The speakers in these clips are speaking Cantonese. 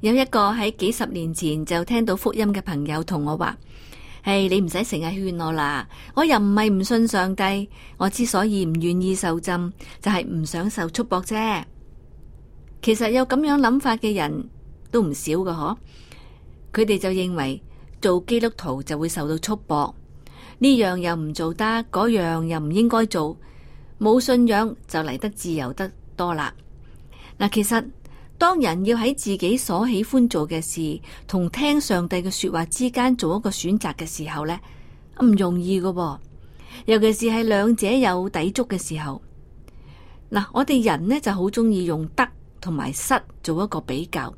有一個喺幾十年前就聽到福音嘅朋友同我話：誒，你唔使成日勸我啦，我又唔係唔信上帝，我之所以唔願意受浸，就係唔想受束縛啫。其實有咁樣諗法嘅人都唔少嘅，嗬，佢哋就認為做基督徒就會受到束縛，呢樣又唔做得，嗰樣又唔應該做，冇信仰就嚟得自由得多啦。嗱，其實。當人要喺自己所喜歡做嘅事同聽上帝嘅說話之間做一個選擇嘅時候呢，唔容易嘅，尤其是係兩者有抵觸嘅時候。嗱，我哋人呢就好鍾意用得同埋失做一個比較，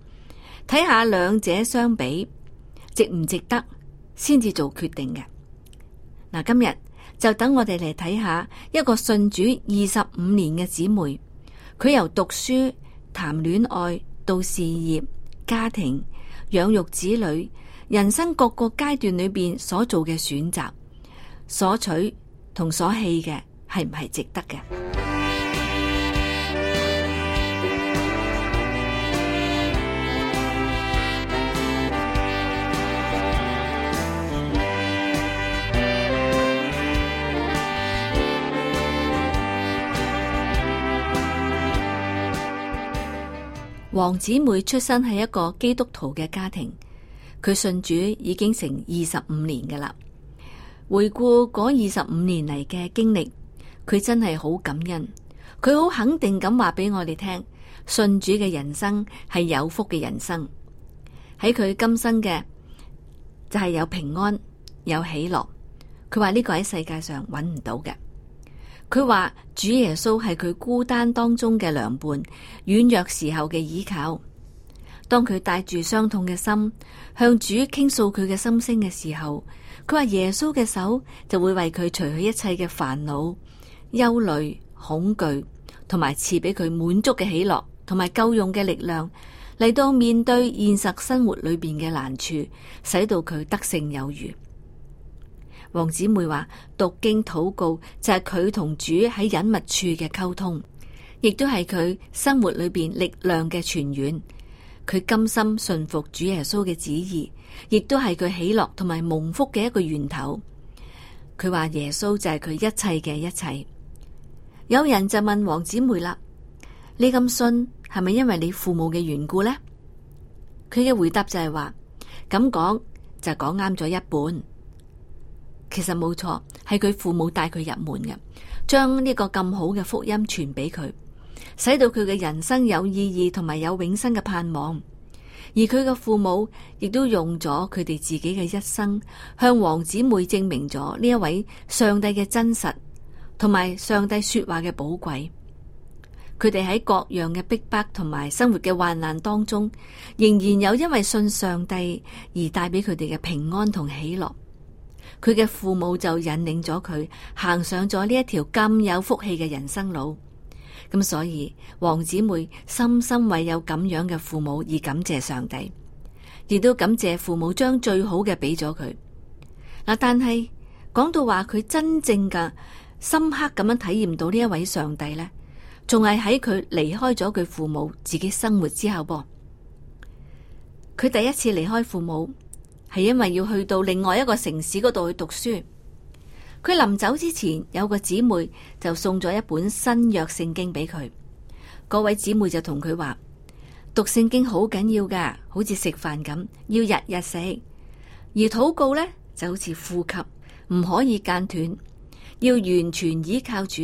睇下兩者相比值唔值得，先至做決定嘅。嗱，今日就等我哋嚟睇下一個信主二十五年嘅姊妹，佢由讀書。談戀愛、到事業、家庭、養育子女，人生各個階段裏邊所做嘅選擇、所取同所棄嘅，係唔係值得嘅？王姊妹出生喺一個基督徒嘅家庭，佢信主已經成二十五年噶啦。回顧嗰二十五年嚟嘅經歷，佢真係好感恩，佢好肯定咁話俾我哋聽，信主嘅人生係有福嘅人生。喺佢今生嘅就係、是、有平安有喜樂，佢話呢個喺世界上揾唔到嘅。佢話主耶穌係佢孤單當中嘅良伴，軟弱時候嘅依靠。當佢帶住傷痛嘅心向主傾訴佢嘅心聲嘅時候，佢話耶穌嘅手就會為佢除去一切嘅煩惱、憂慮、恐懼，同埋賜俾佢滿足嘅喜樂，同埋夠用嘅力量嚟到面對現實生活裏邊嘅難處，使到佢得勝有餘。王姊妹話：讀經禱告就係佢同主喺隱密處嘅溝通，亦都係佢生活裏邊力量嘅泉源。佢甘心信服主耶穌嘅旨意，亦都係佢喜樂同埋蒙福嘅一個源頭。佢話耶穌就係佢一切嘅一切。有人就問王姊妹啦：你咁信係咪因為你父母嘅緣故咧？佢嘅回答就係話：咁講就講啱咗一半。其實冇錯，係佢父母帶佢入門嘅，將呢個咁好嘅福音傳俾佢，使到佢嘅人生有意義，同埋有永生嘅盼望。而佢嘅父母亦都用咗佢哋自己嘅一生，向王姊妹證明咗呢一位上帝嘅真實，同埋上帝說話嘅寶貴。佢哋喺各樣嘅逼迫同埋生活嘅患難當中，仍然有因為信上帝而帶俾佢哋嘅平安同喜樂。佢嘅父母就引領咗佢行上咗呢一條咁有福氣嘅人生路，咁所以王姊妹深深為有咁樣嘅父母而感謝上帝，亦都感謝父母將最好嘅俾咗佢。嗱，但係講到話佢真正嘅深刻咁樣體驗到呢一位上帝呢，仲係喺佢離開咗佢父母自己生活之後噃，佢第一次離開父母。係因為要去到另外一個城市嗰度去讀書，佢臨走之前有個姊妹就送咗一本新約聖經俾佢。嗰位姊妹就同佢話：讀聖經好緊要噶，好似食飯咁，要日日食；而禱告呢，就好似呼吸，唔可以間斷，要完全依靠主。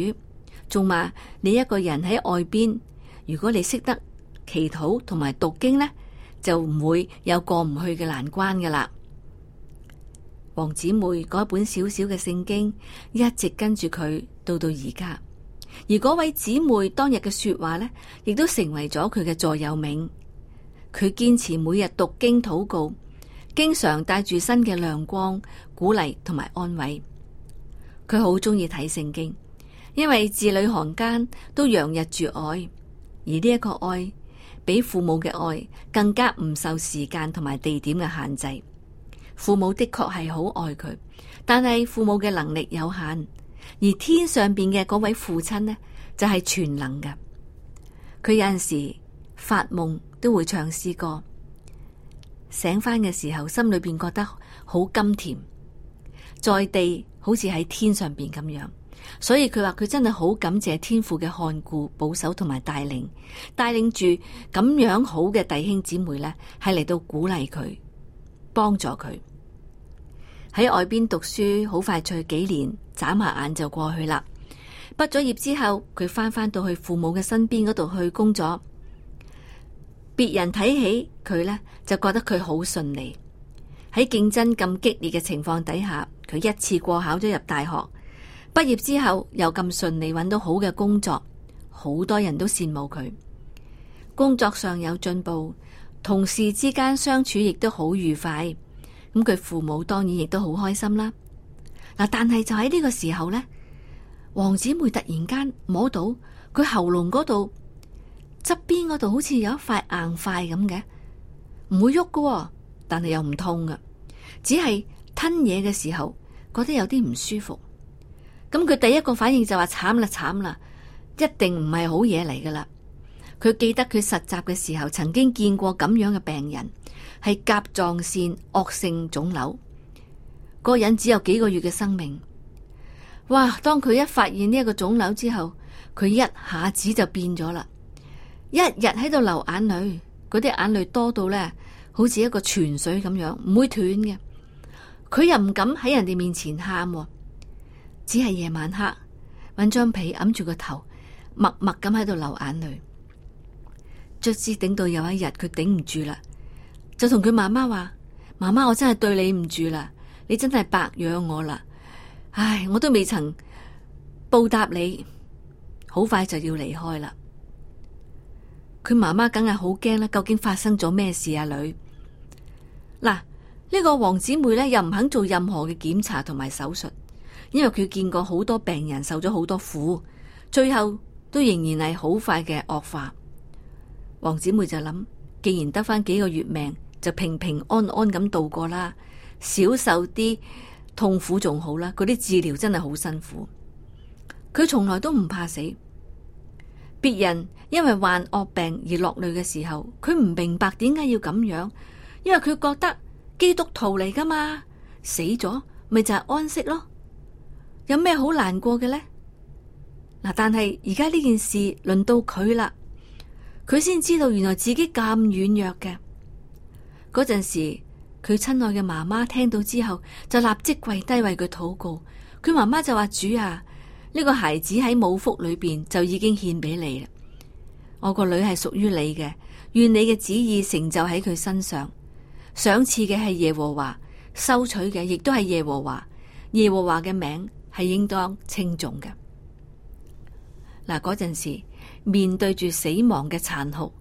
仲話你一個人喺外邊，如果你識得祈禱同埋讀經呢，就唔會有過唔去嘅難關噶啦。王姊妹嗰本小小嘅聖經，一直跟住佢到到而家，而嗰位姊妹當日嘅說話咧，亦都成為咗佢嘅座右銘。佢堅持每日讀經禱告，經常帶住新嘅亮光，鼓勵同埋安慰。佢好中意睇聖經，因為字裏行間都洋溢住愛，而呢一個愛比父母嘅愛更加唔受時間同埋地點嘅限制。父母的確係好愛佢，但係父母嘅能力有限，而天上邊嘅嗰位父親呢，就係全能嘅。佢有陣時發夢都會唱詩歌，醒翻嘅時候心裏邊覺得好甘甜，在地好似喺天上邊咁樣。所以佢話佢真係好感謝天父嘅看顧、保守同埋帶領，帶領住咁樣好嘅弟兄姊妹呢，係嚟到鼓勵佢。幫助佢喺外邊讀書，好快脆幾年眨下眼就過去啦。畢咗業之後，佢翻返到去父母嘅身邊嗰度去工作。別人睇起佢呢，就覺得佢好順利。喺競爭咁激烈嘅情況底下，佢一次過考咗入大學。畢業之後又咁順利揾到好嘅工作，好多人都羨慕佢。工作上有進步。同事之間相處亦都好愉快，咁佢父母當然亦都好開心啦。嗱，但係就喺呢個時候咧，黃姊妹突然間摸到佢喉嚨嗰度側邊嗰度，好似有一塊硬塊咁嘅，唔會喐噶，哦，但係又唔痛噶，只係吞嘢嘅時候覺得有啲唔舒服。咁佢第一個反應就話慘啦慘啦，一定唔係好嘢嚟噶啦。佢記得佢實習嘅時候，曾經見過咁樣嘅病人，係甲狀腺惡性腫瘤。嗰、那個人只有幾個月嘅生命。哇！當佢一發現呢一個腫瘤之後，佢一下子就變咗啦，一日喺度流眼淚，嗰啲眼淚多到咧，好似一個泉水咁樣，唔會斷嘅。佢又唔敢喺人哋面前喊、啊，只係夜晚黑搵張被揞住個頭，默默咁喺度流眼淚。卒之頂到有一日，佢頂唔住啦，就同佢媽媽話：媽媽，我真係對你唔住啦，你真係白養我啦，唉，我都未曾報答你，好快就要離開啦。佢媽媽梗係好驚啦，究竟發生咗咩事啊？女嗱，這個、姐呢個黃姊妹咧又唔肯做任何嘅檢查同埋手術，因為佢見過好多病人受咗好多苦，最後都仍然係好快嘅惡化。王姊妹就諗，既然得返幾個月命，就平平安安咁度過啦，少受啲痛苦仲好啦。嗰啲治療真係好辛苦，佢從來都唔怕死。別人因為患惡病而落淚嘅時候，佢唔明白點解要咁樣，因為佢覺得基督徒嚟噶嘛，死咗咪就係、是、安息咯，有咩好難過嘅呢？嗱，但係而家呢件事輪到佢啦。佢先知道原來自己咁軟弱嘅嗰陣時，佢親愛嘅媽媽聽到之後就立即跪低為佢禱告。佢媽媽就話：主啊，呢個孩子喺母腹裏邊就已經獻俾你啦。我個女係屬於你嘅，願你嘅旨意成就喺佢身上。賞賜嘅係耶和華，收取嘅亦都係耶和華。耶和華嘅名係應當稱頌嘅。嗱，嗰陣時。面對住死亡嘅殘酷，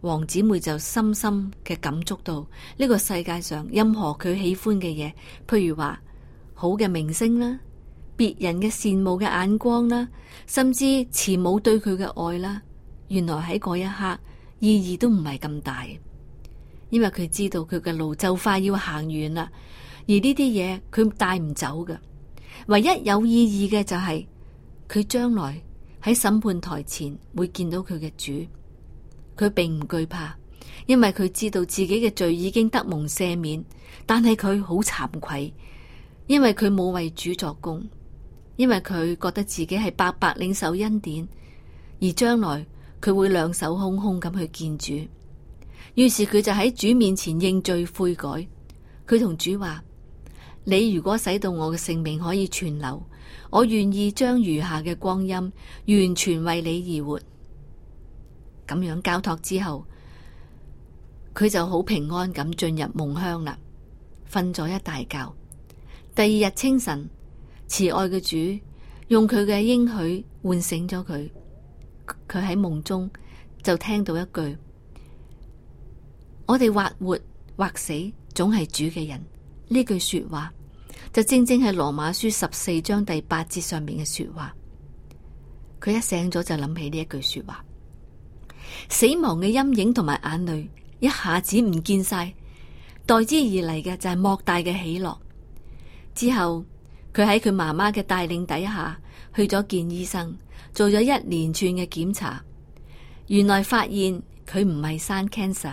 黃姊妹就深深嘅感觸到呢、這個世界上任何佢喜歡嘅嘢，譬如話好嘅明星啦、別人嘅羨慕嘅眼光啦，甚至慈母對佢嘅愛啦，原來喺嗰一刻意義都唔係咁大，因為佢知道佢嘅路就快要行遠啦，而呢啲嘢佢帶唔走嘅，唯一有意義嘅就係、是、佢將來。喺審判台前會見到佢嘅主，佢並唔懼怕，因為佢知道自己嘅罪已經得蒙赦免。但係佢好慚愧，因為佢冇為主作工，因為佢覺得自己係白白領受恩典，而將來佢會兩手空空咁去見主。於是佢就喺主面前認罪悔改，佢同主話：你如果使到我嘅性命可以存留。我願意將餘下嘅光陰完全為你而活，咁樣交託之後，佢就好平安咁進入夢鄉啦，瞓咗一大覺。第二日清晨，慈愛嘅主用佢嘅應許喚醒咗佢，佢喺夢中就聽到一句，我哋或活或死，總係主嘅人，呢句說話。就正正係羅馬書十四章第八節，上面嘅說話，佢一醒咗就諗起呢一句說話。死亡嘅陰影同埋眼淚一下子唔見晒，代之而嚟嘅就係莫大嘅喜樂。之後佢喺佢媽媽嘅帶領底下，去咗見醫生，做咗一連串嘅檢查，原來發現佢唔係生 cancer。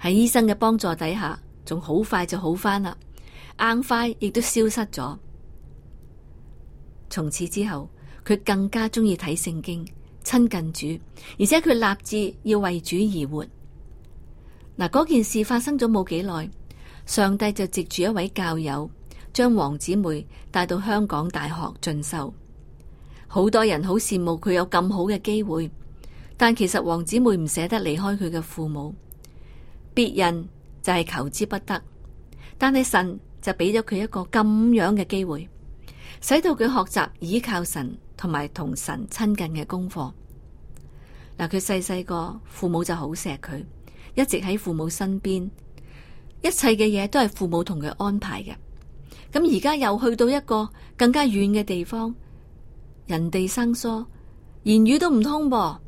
喺醫生嘅幫助底下，仲好快就好翻啦。硬塊亦都消失咗。從此之後，佢更加鍾意睇聖經，親近主，而且佢立志要為主而活。嗱，嗰件事發生咗冇幾耐，上帝就藉住一位教友將王姊妹帶到香港大學進修。好多人好羨慕佢有咁好嘅機會，但其實王姊妹唔捨得離開佢嘅父母，別人就係求之不得，但係神。就畀咗佢一個咁樣嘅機會，使到佢學習倚靠神同埋同神親近嘅功課嗱。佢細細個父母就好錫佢，一直喺父母身邊，一切嘅嘢都係父母同佢安排嘅。咁而家又去到一個更加遠嘅地方，人哋生疏，言語都唔通，啊，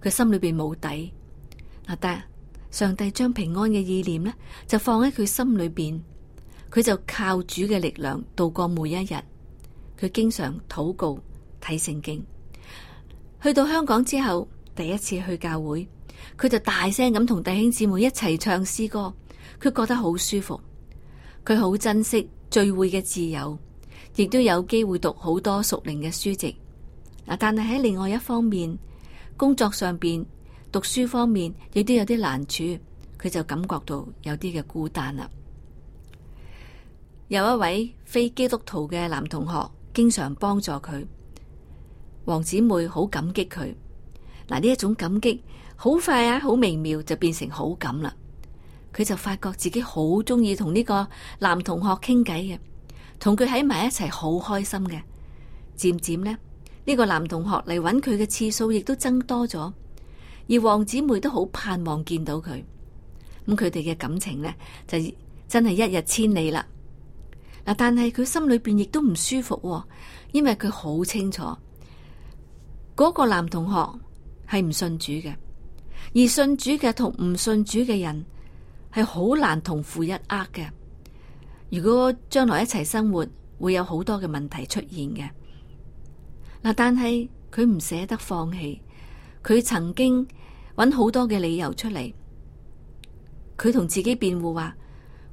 噃佢心裏邊冇底嗱、啊。但上帝將平安嘅意念呢，就放喺佢心裏邊。佢就靠主嘅力量度過每一日。佢經常禱告睇聖經。去到香港之後，第一次去教會，佢就大聲咁同弟兄姊妹一齊唱詩歌。佢覺得好舒服，佢好珍惜聚會嘅自由，亦都有機會讀好多屬靈嘅書籍。但係喺另外一方面，工作上邊、讀書方面亦都有啲難處，佢就感覺到有啲嘅孤單啦。有一位非基督徒嘅男同學經常幫助佢，黃姊妹好感激佢，嗱，呢一種感激，好快啊，好微妙就變成好感啦。佢就發覺自己好鍾意同呢個男同學傾偈嘅，同佢喺埋一齊好開心嘅。漸漸呢，呢個男同學嚟揾佢嘅次數亦都增多咗，而黃姊妹都好盼望見到佢咁，佢哋嘅感情呢，就真係一日千里啦。但係佢心裏邊亦都唔舒服喎，因為佢好清楚嗰個男同學係唔信主嘅，而信主嘅同唔信主嘅人係好難同負一軛嘅。如果將來一齊生活，會有好多嘅問題出現嘅。但係佢唔捨得放棄，佢曾經揾好多嘅理由出嚟，佢同自己辯護話：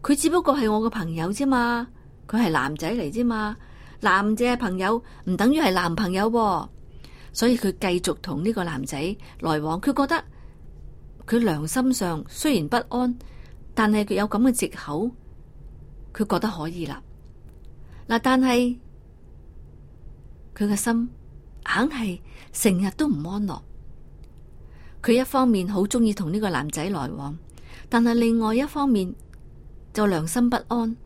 佢只不過係我嘅朋友啫嘛。佢係男仔嚟啫嘛，男仔嘅朋友唔等於係男朋友，所以佢繼續同呢個男仔來往。佢覺得佢良心上雖然不安，但係佢有咁嘅借口，佢覺得可以啦。嗱，但係佢嘅心硬係成日都唔安樂。佢一方面好鍾意同呢個男仔來往，但係另外一方面就良心不安。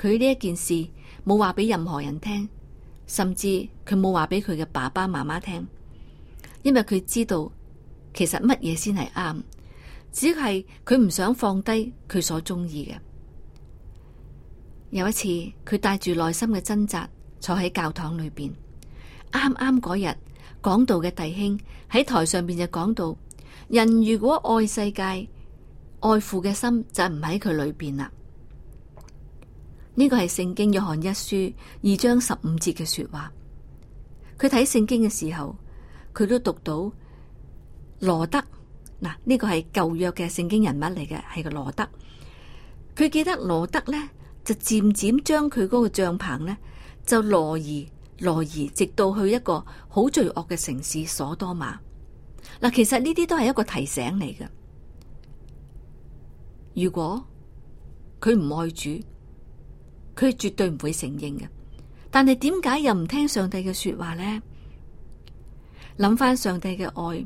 佢呢一件事冇話俾任何人聽，甚至佢冇話俾佢嘅爸爸媽媽聽，因為佢知道其實乜嘢先係啱，只係佢唔想放低佢所中意嘅。有一次，佢帶住內心嘅掙扎坐喺教堂裏邊，啱啱嗰日講道嘅弟兄喺台上邊就講到：人如果愛世界，愛父嘅心就唔喺佢裏邊啦。呢個係聖經約翰一書二章十五節嘅說話。佢睇聖經嘅時候，佢都讀到羅德。嗱，呢個係舊約嘅聖經人物嚟嘅，係個羅德。佢記得羅德呢，就漸漸將佢嗰個帳篷呢，就挪移挪移，直到去一個好罪惡嘅城市所多瑪。嗱，其實呢啲都係一個提醒嚟嘅。如果佢唔愛主，佢絕對唔會承認㗎，但係點解又唔聽上帝嘅說話呢？諗翻上帝嘅愛，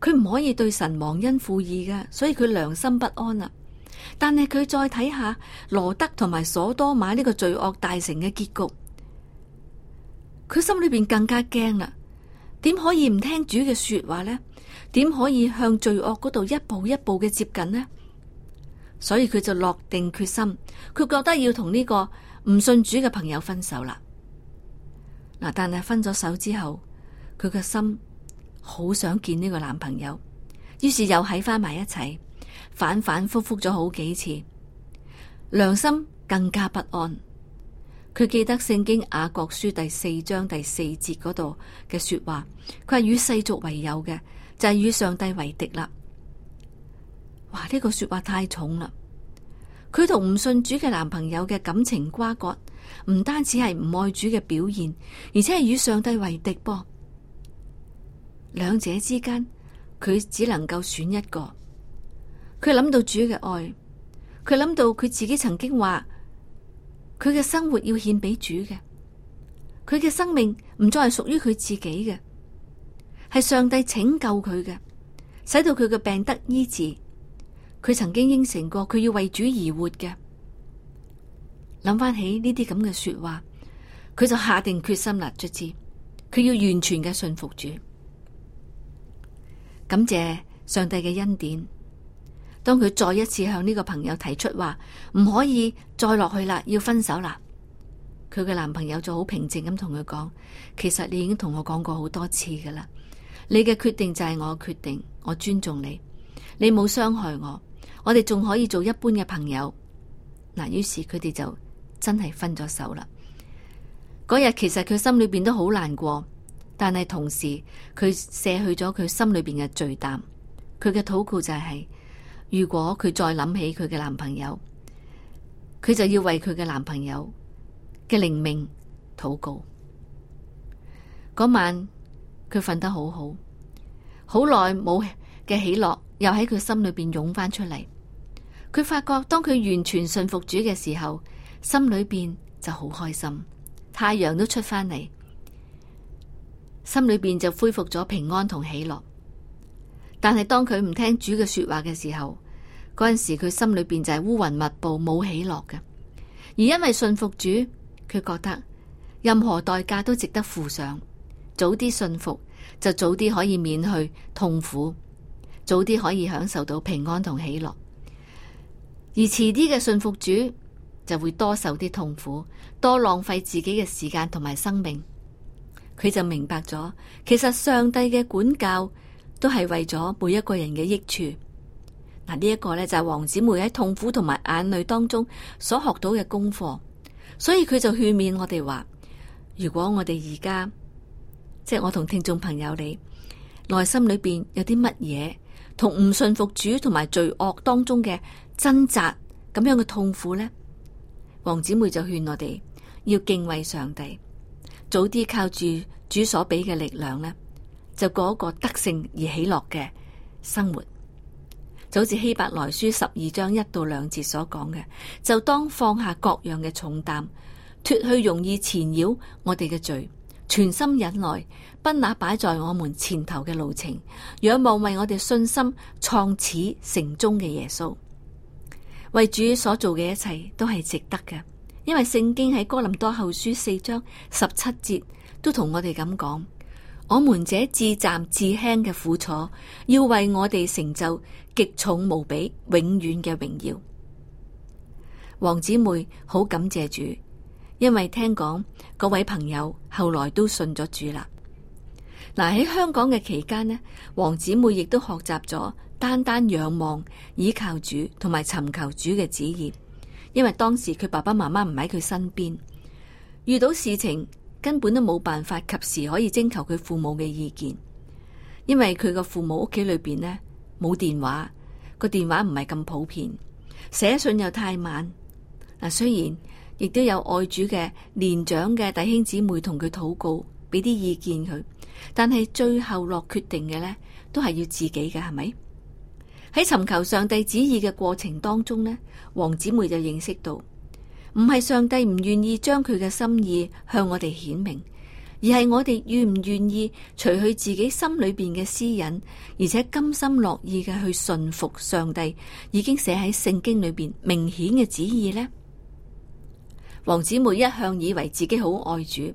佢唔可以對神忘恩負義㗎，所以佢良心不安啦。但係佢再睇下羅德同埋索多瑪呢個罪惡大城嘅結局，佢心裏邊更加驚啦。點可以唔聽主嘅說話呢？點可以向罪惡嗰度一步一步嘅接近呢？所以佢就落定決心，佢覺得要同呢個唔信主嘅朋友分手啦。嗱，但係分咗手之後，佢嘅心好想見呢個男朋友，於是又喺翻埋一齊，反反复覆咗好幾次，良心更加不安。佢記得聖經雅各書第四章第四節嗰度嘅說話，佢係與世俗為友嘅，就係、是、與上帝為敵啦。哇！呢個說話太重啦。佢同唔信主嘅男朋友嘅感情瓜葛，唔單止係唔愛主嘅表現，而且係與上帝為敵噃。兩者之間，佢只能夠選一個。佢諗到主嘅愛，佢諗到佢自己曾經話，佢嘅生活要獻俾主嘅，佢嘅生命唔再係屬於佢自己嘅，係上帝拯救佢嘅，使到佢嘅病得醫治。佢曾經應承過佢要為主而活嘅。諗翻起呢啲咁嘅說話，佢就下定決心啦，卒之佢要完全嘅信服主，感謝上帝嘅恩典。當佢再一次向呢個朋友提出話唔可以再落去啦，要分手啦，佢嘅男朋友就好平靜咁同佢講：其實你已經同我講過好多次噶啦，你嘅決定就係我決定，我尊重你，你冇傷害我。我哋仲可以做一般嘅朋友，嗱，於是佢哋就真係分咗手啦。嗰日其實佢心裏邊都好難過，但係同時佢卸去咗佢心裏邊嘅罪擔。佢嘅禱告就係，如果佢再諗起佢嘅男朋友，佢就要為佢嘅男朋友嘅靈命禱告。嗰晚佢瞓得好好，好耐冇嘅喜樂又喺佢心裏邊湧翻出嚟，佢發覺當佢完全信服主嘅時候，心裏邊就好開心，太陽都出返嚟，心裏邊就恢復咗平安同喜樂。但係當佢唔聽主嘅說話嘅時候，嗰陣時佢心裏邊就係烏雲密佈，冇喜樂嘅。而因為信服主，佢覺得任何代價都值得付上，早啲信服就早啲可以免去痛苦。早啲可以享受到平安同喜樂，而遲啲嘅信服主就會多受啲痛苦，多浪費自己嘅時間同埋生命。佢就明白咗，其實上帝嘅管教都係為咗每一個人嘅益處。嗱，呢一個咧就係黃姊妹喺痛苦同埋眼淚當中所學到嘅功課，所以佢就勸勉我哋話：如果我哋而家即係我同聽眾朋友你內心裏邊有啲乜嘢？同唔信服主同埋罪惡當中嘅掙扎，咁樣嘅痛苦呢？王姊妹就勸我哋要敬畏上帝，早啲靠住主所畀嘅力量呢，就過一個得勝而喜樂嘅生活。就好似希伯來書十二章一到兩節所講嘅，就當放下各樣嘅重擔，脫去容易纏繞我哋嘅罪。全心忍耐，不拿擺在我們前頭嘅路程，仰望為我哋信心創始成終嘅耶穌，為主所做嘅一切都係值得嘅，因為聖經喺哥林多後書四章十七節都同我哋咁講：我們這至暫至輕嘅苦楚，要為我哋成就極重無比永遠嘅榮耀。王姊妹好感謝主。因為聽講嗰位朋友後來都信咗主啦。嗱，啊，喺香港嘅期間呢，黃姊妹亦都學習咗單單仰望依靠主同埋尋求主嘅旨意。因為當時佢爸爸媽媽唔喺佢身邊，遇到事情根本都冇辦法及時可以徵求佢父母嘅意見。因為佢個父母屋企裏邊呢冇電話，個電話唔係咁普遍，寫信又太慢。嗱，啊，雖然。亦都有愛主嘅年長嘅弟兄姊妹同佢禱告，俾啲意見佢。但係最後落決定嘅呢，都係要自己嘅，係咪？喺尋求上帝旨意嘅過程當中呢，王姊妹就認識到，唔係上帝唔願意將佢嘅心意向我哋顯明，而係我哋願唔願意除去自己心裏邊嘅私隱，而且甘心樂意嘅去順服上帝，已經寫喺聖經裏邊明顯嘅旨意呢。王姐妹一向以為自己好愛主，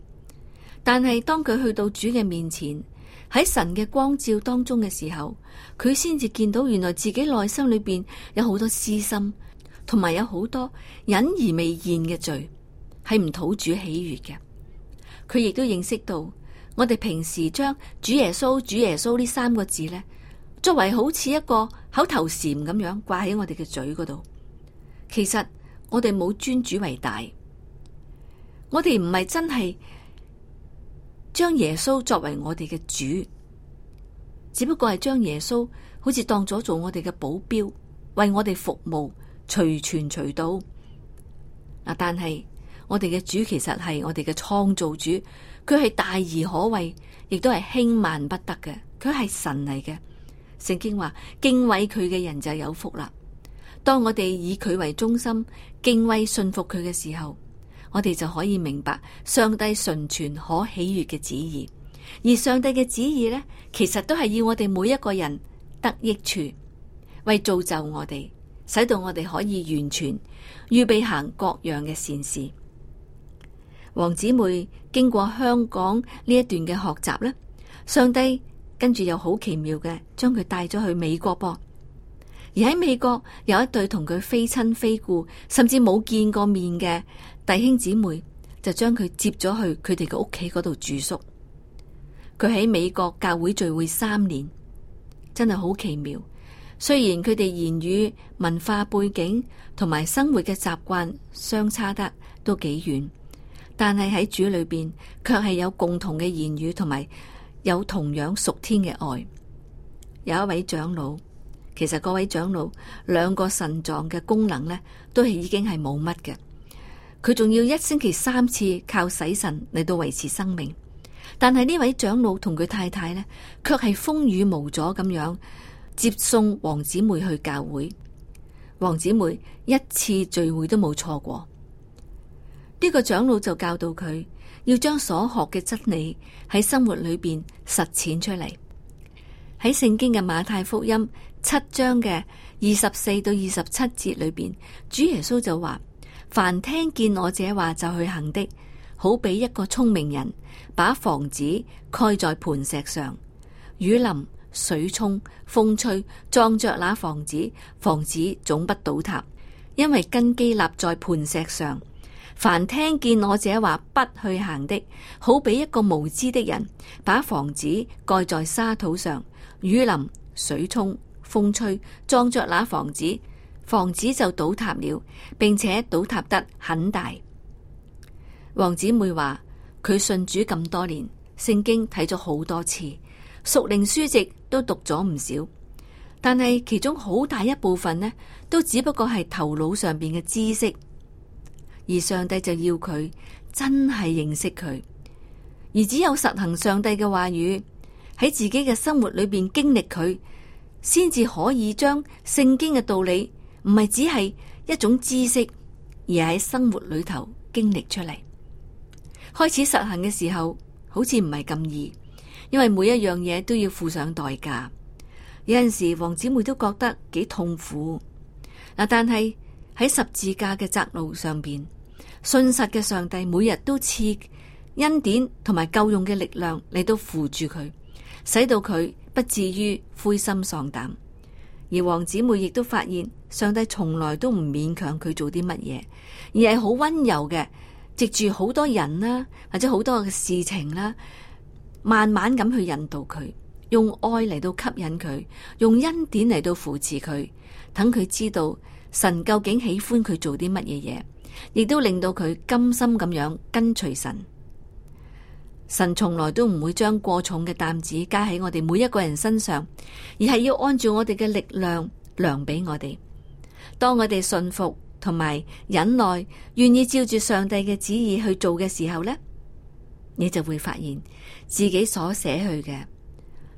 但係當佢去到主嘅面前，喺神嘅光照當中嘅時候，佢先至見到原來自己內心裏面有好多私心，同埋有好多隱而未現嘅罪，係唔討主喜悅嘅。佢亦都認識到，我哋平時將主耶穌、主耶穌呢三個字呢，作為好似一個口頭禪咁樣掛喺我哋嘅嘴嗰度，其實我哋冇尊主為大。我哋唔係真係將耶穌作為我哋嘅主，只不過係將耶穌好似當咗做我哋嘅保鏢，為我哋服務，隨傳隨到。嗱，但係我哋嘅主其實係我哋嘅創造主，佢係大而可畏，亦都係輕慢不得嘅。佢係神嚟嘅。聖經話敬畏佢嘅人就有福啦。當我哋以佢為中心，敬畏信服佢嘅時候。我哋就可以明白上帝純全可喜悦嘅旨意，而上帝嘅旨意呢，其實都係要我哋每一個人得益處，為造就我哋，使到我哋可以完全預備行各樣嘅善事。王姊妹經過香港呢一段嘅學習呢，上帝跟住又好奇妙嘅，將佢帶咗去美國噃。而喺美國有一對同佢非親非故，甚至冇見過面嘅。弟兄姊妹就將佢接咗去佢哋嘅屋企嗰度住宿。佢喺美國教會聚會三年，真係好奇妙。雖然佢哋言語、文化背景同埋生活嘅習慣相差得都幾遠，但係喺主裏邊卻係有共同嘅言語同埋有同樣屬天嘅愛。有一位長老，其實嗰位長老兩個腎臟嘅功能呢，都係已經係冇乜嘅。佢仲要一星期三次靠洗腎嚟到維持生命，但係呢位長老同佢太太呢，卻係風雨無阻咁樣接送王姊妹去教會。王姊妹一次聚會都冇錯過。呢個長老就教導佢要將所學嘅真理喺生活裏邊實踐出嚟。喺聖經嘅馬太福音七章嘅二十四到二十七節裏邊，主耶穌就話。凡聽見我這話就去行的，好比一個聰明人，把房子蓋在磐石上，雨淋、水沖、風吹，撞着那房子，房子總不倒塌，因為根基立在磐石上。凡聽見我這話不去行的，好比一個無知的人，把房子蓋在沙土上，雨淋、水沖、風吹，撞着那房子。房子就倒塌了，並且倒塌得很大。黃姊妹話：佢信主咁多年，聖經睇咗好多次，屬靈書籍都讀咗唔少，但係其中好大一部分呢，都只不過係頭腦上邊嘅知識。而上帝就要佢真係認識佢，而只有實行上帝嘅話語，喺自己嘅生活裏邊經歷佢，先至可以將聖經嘅道理。唔係只係一種知識，而喺生活裏頭經歷出嚟。開始實行嘅時候，好似唔係咁易，因為每一樣嘢都要付上代價。有陣時，王姊妹都覺得幾痛苦，但係喺十字架嘅窄路上邊，信實嘅上帝每日都賜恩典同埋夠用嘅力量你都扶住佢，使到佢不至於灰心喪膽。而王姊妹亦都發現。上帝從來都唔勉強佢做啲乜嘢，而係好温柔嘅，藉住好多人啦，或者好多嘅事情啦，慢慢咁去引導佢，用愛嚟到吸引佢，用恩典嚟到扶持佢，等佢知道神究竟喜歡佢做啲乜嘢嘢，亦都令到佢甘心咁樣跟隨神。神從來都唔會將過重嘅擔子加喺我哋每一個人身上，而係要按照我哋嘅力量量俾我哋。當我哋信服同埋忍耐，願意照住上帝嘅旨意去做嘅時候咧，你就會發現自己所捨去嘅，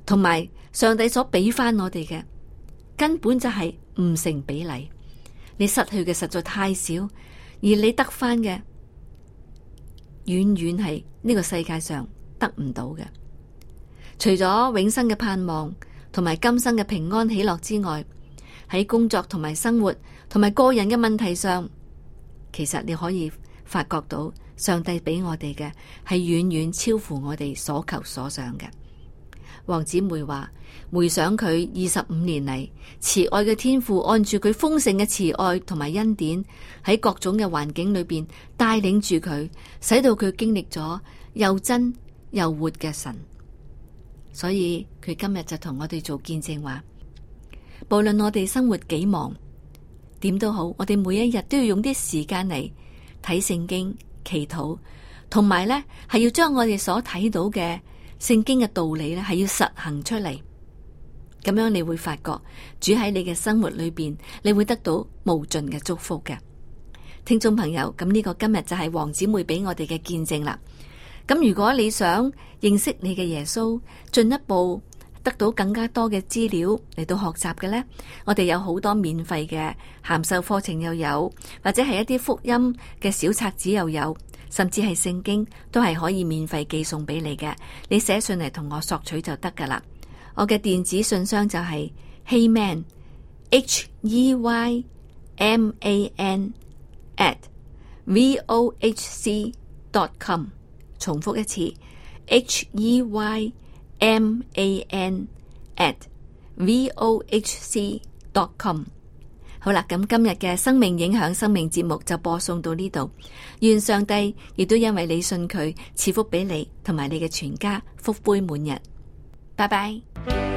同埋上帝所畀翻我哋嘅，根本就係唔成比例。你失去嘅實在太少，而你得翻嘅，遠遠係呢個世界上得唔到嘅。除咗永生嘅盼望，同埋今生嘅平安喜樂之外。喺工作同埋生活同埋個人嘅問題上，其實你可以發覺到上帝俾我哋嘅係遠遠超乎我哋所求所想嘅。王姊妹話，回想佢二十五年嚟，慈愛嘅天父按住佢豐盛嘅慈愛同埋恩典，喺各種嘅環境裏邊帶領住佢，使到佢經歷咗又真又活嘅神。所以佢今日就同我哋做見證話。無論我哋生活幾忙，點都好，我哋每一日都要用啲時間嚟睇聖經、祈禱，同埋咧係要將我哋所睇到嘅聖經嘅道理咧係要實行出嚟。咁樣你會發覺主喺你嘅生活裏邊，你會得到無盡嘅祝福嘅。聽眾朋友，咁呢個今日就係黃姊妹俾我哋嘅見證啦。咁如果你想認識你嘅耶穌，進一步。得到更加多嘅資料嚟到學習嘅呢，我哋有好多免費嘅函授課程又有，或者係一啲福音嘅小冊子又有，甚至係聖經都係可以免費寄送俾你嘅。你寫信嚟同我索取就得噶啦。我嘅電子信箱就係 Heyman H E Y M A N at v o h c dot com。重複一次，H E Y M A N at V O H C dot com。好啦，咁今日嘅生命影響生命節目就播送到呢度，願上帝亦都因為你信佢賜福俾你同埋你嘅全家，福杯滿溢。拜拜。